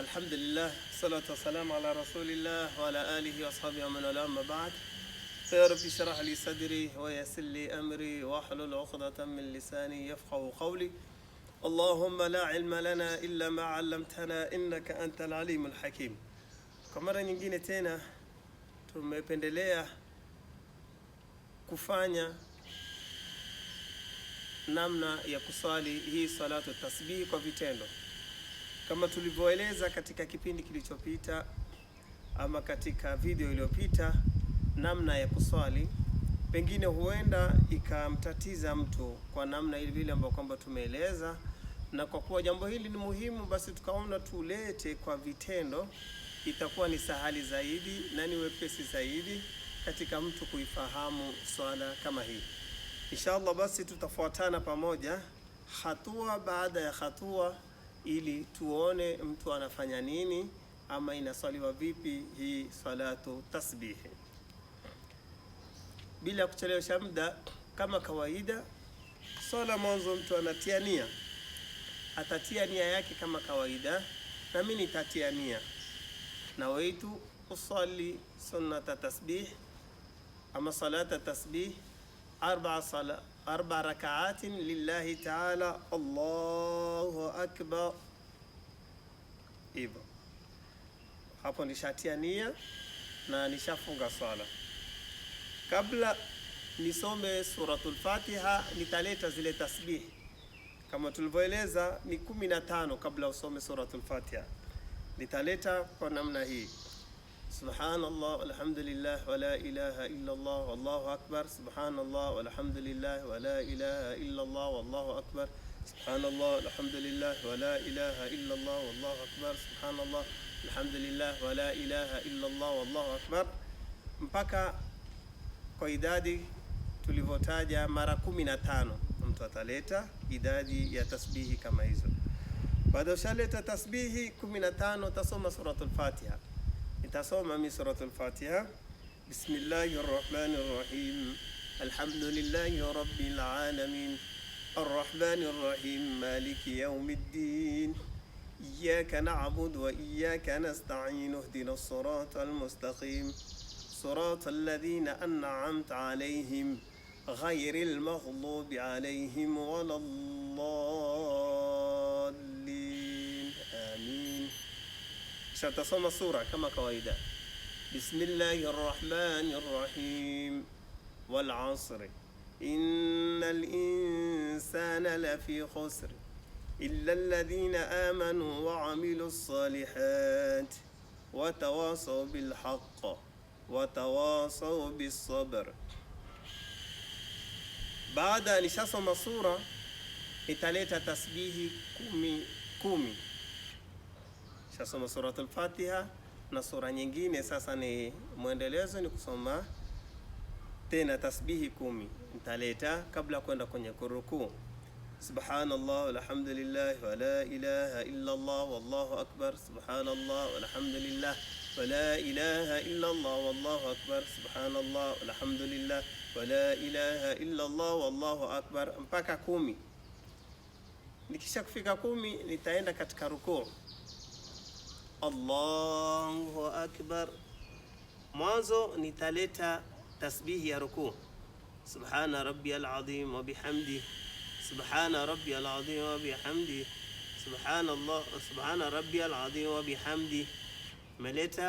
الحمد لله صلاة والسلام على رسول الله وعلى آله وأصحابه ومن والاه أما بعد رب اشرح لي صدري ويسر لي أمري واحلل عقدة من لساني يفقه قولي اللهم لا علم لنا إلا ما علمتنا إنك أنت العليم الحكيم كما نجينا تينا ثم tumependelea kufanya نمنا يا kusali هي صلاة التسبيح kwa Kama tulivyoeleza katika kipindi kilichopita ama katika video iliyopita, namna ya kuswali pengine huenda ikamtatiza mtu kwa namna ile vile ambayo kwamba tumeeleza, na kwa kuwa jambo hili ni muhimu, basi tukaona tulete kwa vitendo, itakuwa ni sahali zaidi na ni wepesi zaidi katika mtu kuifahamu swala kama hii. Inshallah, basi tutafuatana pamoja hatua baada ya hatua ili tuone mtu anafanya nini ama inaswaliwa vipi hii salatu tasbihi. Bila kuchelewesha muda, kama kawaida, swala mwanzo mtu anatia nia, atatia nia yake kama kawaida, na mimi nitatia nia nawaitu usali sunnata tasbih ama salata tasbih arba sala arba rakaatin lillahi taala, Allahu akbar hivyo. Hapo nishatia nia na nishafunga swala. Kabla nisome suratul Fatiha nitaleta zile tasbihi kama tulivyoeleza, ni kumi na tano kabla usome suratul Fatiha. Nitaleta kwa namna hii: subhanallah walhamdulillah wala ilaha illa Allah wallahu akbar, subhanallah walhamdulillah wala ilaha illa Allah wallahu akbar subhanallah walhamdulillah wala ilaha illa Allah wallahu akbar subhanallah alhamdulillah wala ilaha illa Allah wallahu akbar mpaka kwa idadi tulivyotaja mara kumi na tano mtu ataleta idadi ya tasbihi kama hizo. Baada ushaleta tasbihi kumi na tano utasoma suratul Fatiha. Nitasoma mi suratul Fatiha, bismillahir rahmanir rahim alhamdulillahi rabbil alamin الرحمن الرحيم مالك يوم الدين إياك نعبد وإياك نستعين اهدنا الصراط المستقيم صراط الذين أنعمت عليهم غير المغضوب عليهم ولا الضالين آمين ستصم الصورة كما قويدا بسم الله الرحمن الرحيم والعصر innal insana lafi khusr illa alladhina amanu wa amilu salihat wa tawasaw bil haqq wa tawasaw bis sabr. Baada nishasoma sura nitaleta tasbihi kumi kumi. Nishasoma suratul Fatiha na sura nyingine, sasa ni mwendelezo, ni kusoma tena tasbihi kumi nitaleta kabla kwenda kwenye kurukuu. Subhanallah walhamdulillah wala ilaha illa Allah wallahu akbar. Subhanallah walhamdulillah wala ilaha illa Allah wallahu akbar. Subhanallah walhamdulillah wala ilaha illa Allah wallahu akbar mpaka kumi. Nikisha kufika kumi nitaenda katika rukuu. Allahu akbar. Mwanzo nitaleta tasbihi ya rukuu. سبحان ربي العظيم وبحمده سبحان ربي العظيم وبحمده سبحان الله سبحان ربي العظيم وبحمده meleta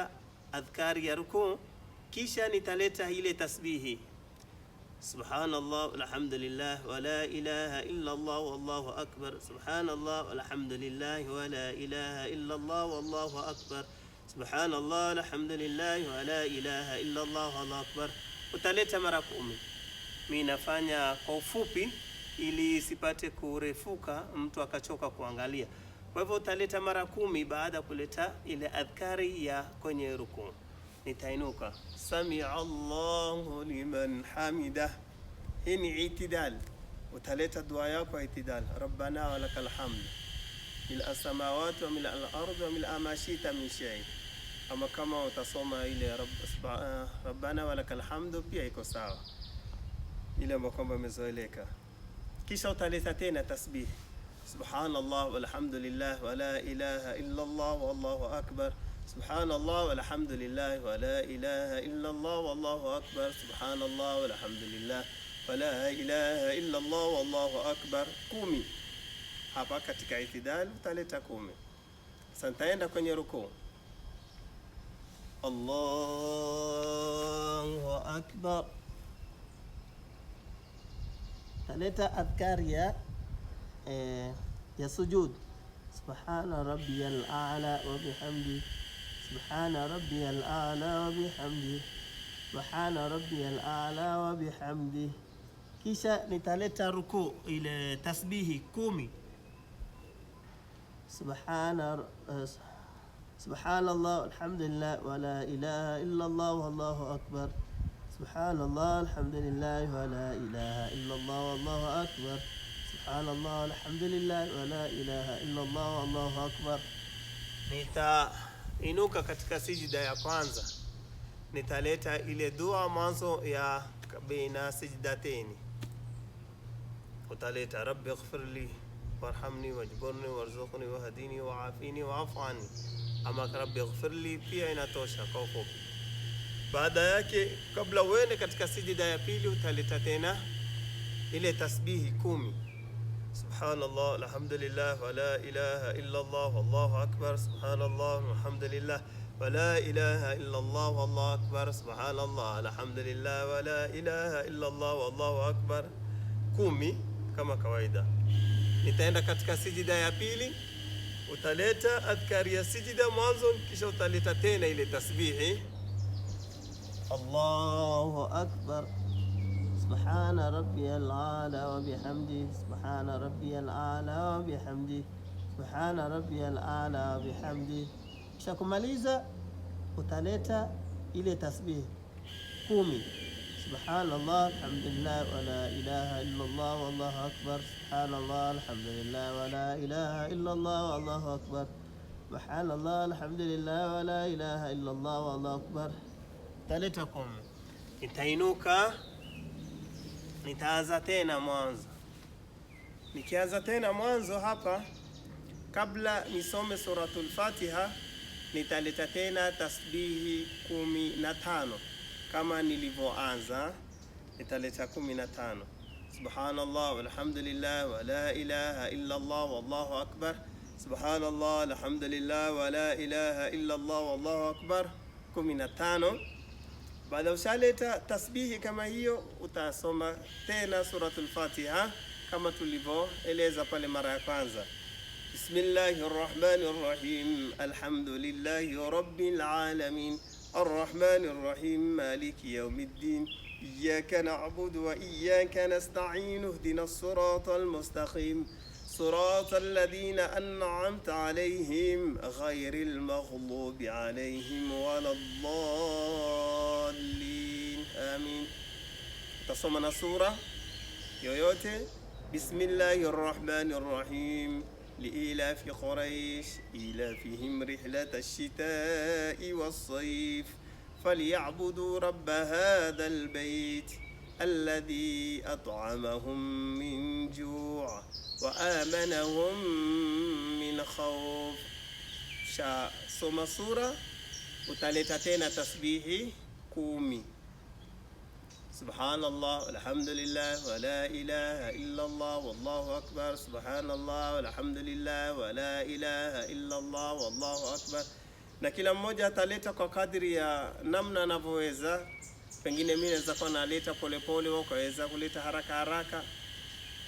adhkari ya rukuu kisha nitaleta ile tasbihi subhanallah walhamdulillah wala ilaha illa allah wallahu akbar subhanallah walhamdulillah wala ilaha illa allah wallahu akbar subhanallah walhamdulillah wala ilaha illa allah wallahu akbar utaleta mara kumi mi nafanya kwa ufupi ili isipate kurefuka mtu akachoka kuangalia. Kwa hivyo utaleta mara kumi baada ya kuleta ile adhkari ya kwenye ruku Nitainuka, sami Allahu liman hamida. Hii ni itidal, utaleta dua yako itidal, rabbana walakal hamd mila samawati wa mila al ardi wa mila ma shita min shay. Ama kama utasoma ile rabbana walakal hamdu pia iko sawa. ile ambayo kwamba imezoeleka. Kisha utaleta tena tasbih subhanallah walhamdulillah wala ilaha illa Allah wallahu akbar subhanallah walhamdulillah wala ilaha illa Allah wallahu akbar subhanallah walhamdulillah لله ilaha illa Allah wallahu akbar kumi. Hapa katika itidal utaleta kumi. Sasa nitaenda kwenye rukuu. الله أكبر ثلاثة أذكار يا آه، يا سجود سبحان ربي الأعلى وبحمدي سبحان ربي الأعلى وبحمدي سبحان ربي الأعلى وبحمدي كيشا نتالتا ركو إلى تسبيه كومي سبحان آه، سبحان الله الحمد لله ولا إله إلا الله والله أكبر Subhanallah, alhamdulillah, wa la ilaha illallah, wallahu akbar. Subhanallah, alhamdulillah, wa la ilaha illallah, wallahu akbar. Nitainuka katika sijida ya kwanza, nitaleta ile dua mwanzo ya baina sijdateni, utaleta rabbi ighfirli warhamni wajburni warzuqni wahdini waafini waafu anni, ama rabbi ighfirli pia inatosha kwa ufupi. Baada yake kabla uende katika sijida ya pili utaleta tena ile tasbihi kumi, subhanallah alhamdulillah wala ilaha illa Allah wallahu akbar subhanallah walhamdulillah wala ilaha illa Allah wallahu akbar subhanallah alhamdulillah wala ilaha illa Allah wallahu akbar kumi kama kawaida. Nitaenda katika sijida ya pili utaleta adhkari ya sijida mwanzo, kisha utaleta tena ile tasbihi الله أكبر سبحان ربي الأعلى وبحمده سبحان ربي الأعلى وبحمده سبحان ربي الأعلى وبحمده شكماليزا وتاليتا إلي تسبيه قومي سبحان الله الحمد لله ولا إله إلا الله والله أكبر سبحان الله الحمد لله ولا إله إلا الله والله أكبر سبحان الله الحمد لله ولا إله إلا الله والله أكبر taletakum, nitainuka nitaanza tena mwanzo. Nikianza tena mwanzo hapa, kabla nisome suratul Fatiha nitaleta tena tasbihi kumi na tano kama nilivyoanza, nitaleta kumi na tano subhanallah walhamdulillah wa la ilaha illa Allah wallahu akbar subhanallah alhamdulillah wa la ilaha illa Allah wallahu akbar 15 Baada ushaleta tasbihi kama hiyo, utasoma tena suratul Fatiha kama tulivyoeleza pale mara ya kwanza. Bismillahi rrahmani rrahim alhamdulillahi rabbil alamin arrahmani rrahim maliki yawmiddin iyyaka na'budu wa iyyaka nasta'in ihdinas siratal mustaqim صراط الذين أنعمت عليهم غير المغضوب عليهم ولا الضالين آمين تصمنا سورة يويوتي بسم الله الرحمن الرحيم لإيلاف قريش إيلافهم رحلة الشتاء والصيف فليعبدوا رب هذا البيت alladhi at'amahum min ju' wa amanahum min khawf. Sha soma sura, utaleta tena tasbihi kumi. Subhanallah walhamdulillah wala ilaha illa Allah wallahu akbar subhanallah walhamdulillah wala ilaha illa Allah wallahu akbar. Na kila mmoja ataleta kwa kadri ya namna anavyoweza pengine mimi naweza kuwa naleta polepole, wao kaweza kuleta haraka haraka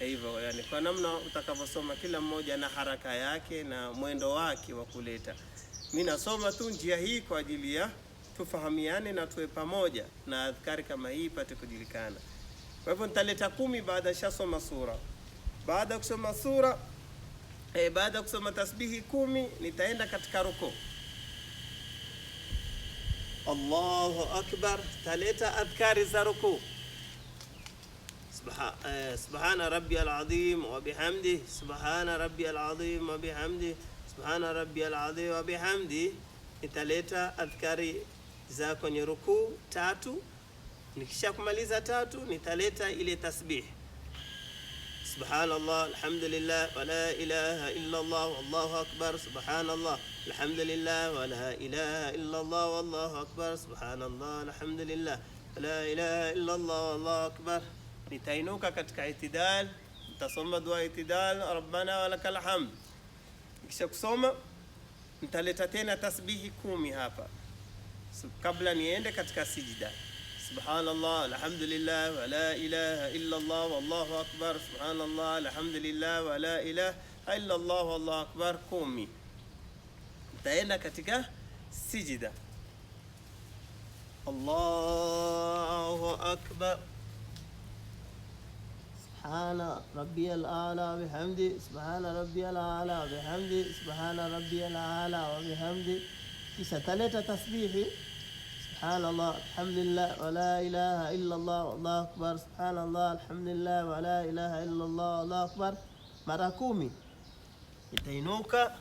eh, hivyo, yani kwa namna utakavyosoma, kila mmoja na haraka yake na mwendo wake wa kuleta. Mimi nasoma tu njia hii kwa ajili ya tufahamiane na tuwe pamoja na adhkari kama hii ipate kujulikana. Kwa hivyo nitaleta kumi baada shasoma sura. Baada ya kusoma sura eh, baada ya kusoma tasbihi kumi nitaenda katika ruko Allahu akbar, taleta adhkari za ruku Subha, eh, subhana rabbiyal azim wa bihamdi, subhana rabbiyal azim wa bihamdi, subhana rabbiyal azim wa bihamdi. Nitaleta adhkari za kwenye rukuu tatu, nikisha kumaliza tatu nitaleta ile tasbihi subhanallah alhamdulillah wala ilaha illallah wallahu akbar subhanallah alhamdulillah wala ilaha illallah wallahu akbar subhanallah alhamdulillah wala ilaha illallah wallahu akbar. Nitainuka katika itidal, nitasoma dua itidal, rabbana walakal hamd. Kisha kusoma nitaleta tena tasbihi kumi hapa kabla niende katika sijida. سبحان الله الحمد لله ولا إله إلا الله والله أكبر سبحان الله الحمد لله ولا إله إلا الله والله أكبر kumi تأينا katika سجدة الله أكبر سبحان ربي الأعلى بحمدي سبحان ربي الأعلى بحمدي سبحان ربي الأعلى وبحمدي kisha taleta tasbihi subhanallah alhamdulillah wa la ilaha illallah wallahu akbar subhanallah alhamdulillah wa la ilaha illallah wallahu akbar mara kumi. Itainuka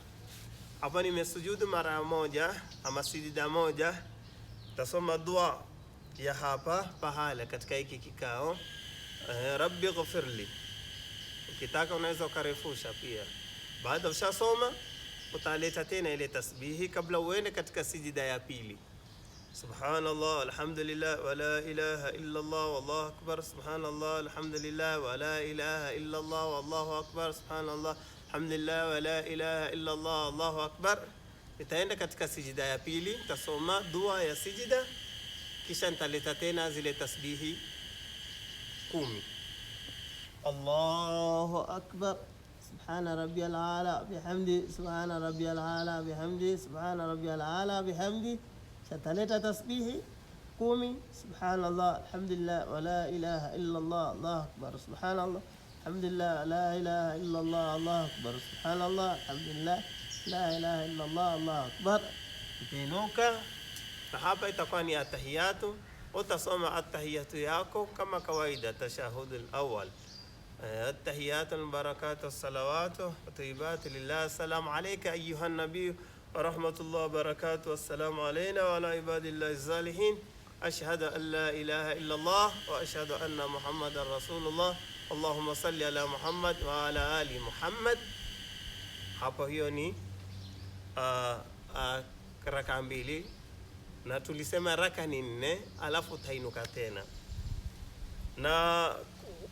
hapa, nimesujudu mara moja ama sijida moja. Tasoma dua ya hapa pahala katika hiki kikao, eh, rabbi ghfirli. Ukitaka unaweza ukarefusha pia. Baada ushasoma, utaleta tena ile tasbihi kabla uende katika sijida ya pili. سبحان الله الحمد لله ولا إله إلا الله والله أكبر سبحان الله الحمد لله ولا إله إلا الله والله أكبر سبحان الله الحمد لله ولا إله إلا الله الله أكبر nitaenda katika sijida ya pili nitasoma dua ya sijida kisha nitaleta tena zile tasbihi kumi الله أكبر سبحان ربي العالى بحمدي سبحان ربي العالى بحمدي سبحان ربي العالى بحمدي ستلتا تسبيح قومي سبحان الله الحمد لله ولا إله إلا الله الله أكبر سبحان الله الحمد لله لا إله إلا الله الله أكبر سبحان الله الحمد لله لا إله إلا الله الله أكبر utainuka na hapa itakuwa ni atahiyatu utasoma atahiyatu yako kama kawaida tashahudu lawal التحيات المباركات الصلوات الطيبات لله السلام عليك أيها النبي ورحمة الله وبركاته والسلام علينا وعلى عباد الله الصالحين أشهد أن لا إله إلا الله وأشهد أن محمد رسول الله اللهم صل على محمد وعلى آل محمد hapo hiyo ni uh, ah, uh, ah, raka mbili na tulisema raka ni nne alafu utainuka tena na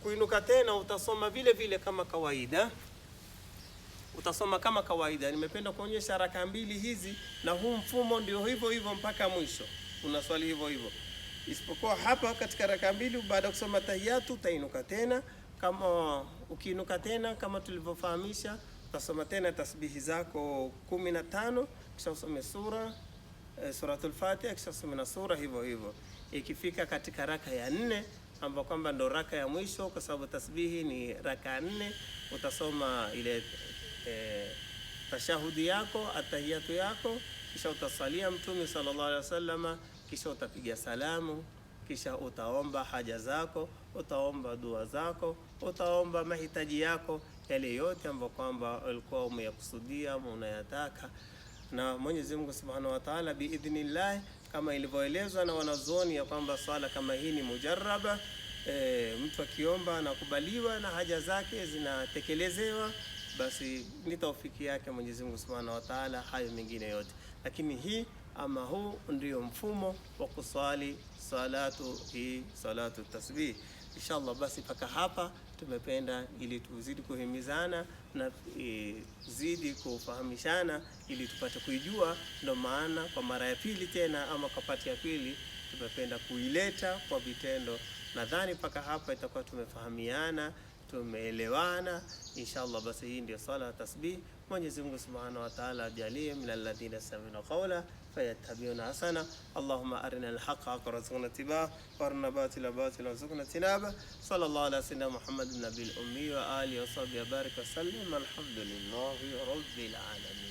kuinuka tena utasoma vile vile kama kawaida utasoma kama kawaida. Nimependa kuonyesha haraka mbili hizi, na huu mfumo ndio hivyo hivyo mpaka mwisho, kuna swali hivyo hivyo, isipokuwa hapa katika haraka mbili, baada ya kusoma tahiyatu utainuka tena. Kama ukiinuka tena kama tulivyofahamisha, utasoma tena tasbihi zako kumi na tano kisha usome sura e, suratul Fatiha kisha usome na sura hivyo hivyo. Ikifika e, katika raka ya nne ambayo kwamba ndo raka ya mwisho, kwa sababu tasbihi ni raka nne, utasoma ile e, tashahudi yako atahiyatu yako, kisha utasalia Mtume sallallahu alaihi wasallam, kisha utapiga salamu, kisha utaomba haja zako, utaomba dua zako, utaomba mahitaji yako yale yote ambayo kwamba ulikuwa umeyakusudia ama unayataka na Mwenyezi Mungu Subhanahu wa Ta'ala, biidhnillah, kama ilivyoelezwa na wanazuoni ya kwamba swala kama hii ni mujarraba. E, mtu akiomba anakubaliwa na haja zake zinatekelezewa basi ni taufiki yake Mwenyezi Mungu Subhanahu wa Ta'ala, hayo mengine yote. Lakini hii ama huu ndio mfumo wa kuswali salatu hii, salatu tasbih. Inshallah, basi mpaka hapa tumependa, ili tuzidi kuhimizana na e, zidi kufahamishana ili tupate kuijua. Ndio maana kwa mara ya pili tena ama kwa pati ya pili tumependa kuileta kwa vitendo. Nadhani mpaka hapa itakuwa tumefahamiana tumeelewana inshallah. Basi hii ndio sala ya tasbih. Mwenyezi Mungu Subhanahu wa Ta'ala ajalie minal ladhina yastami'una qawla fayattabi'una hasana. Allahumma arina alhaqa haqqa haqqa warzuqna ittiba'a wa arina batila batila warzuqna ijtinaba. Sallallahu ala sayyidina Muhammadin nabiyil ummi wa alihi wa sahbihi wa baraka wa sallam. Alhamdulillahi rabbil alamin.